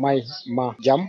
may ma jàmm